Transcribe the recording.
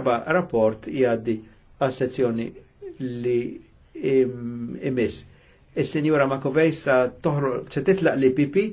darba rapport jgħaddi għas sezzjoni li imis. Il-senjura Makovej sa toħro se titlaq li pipi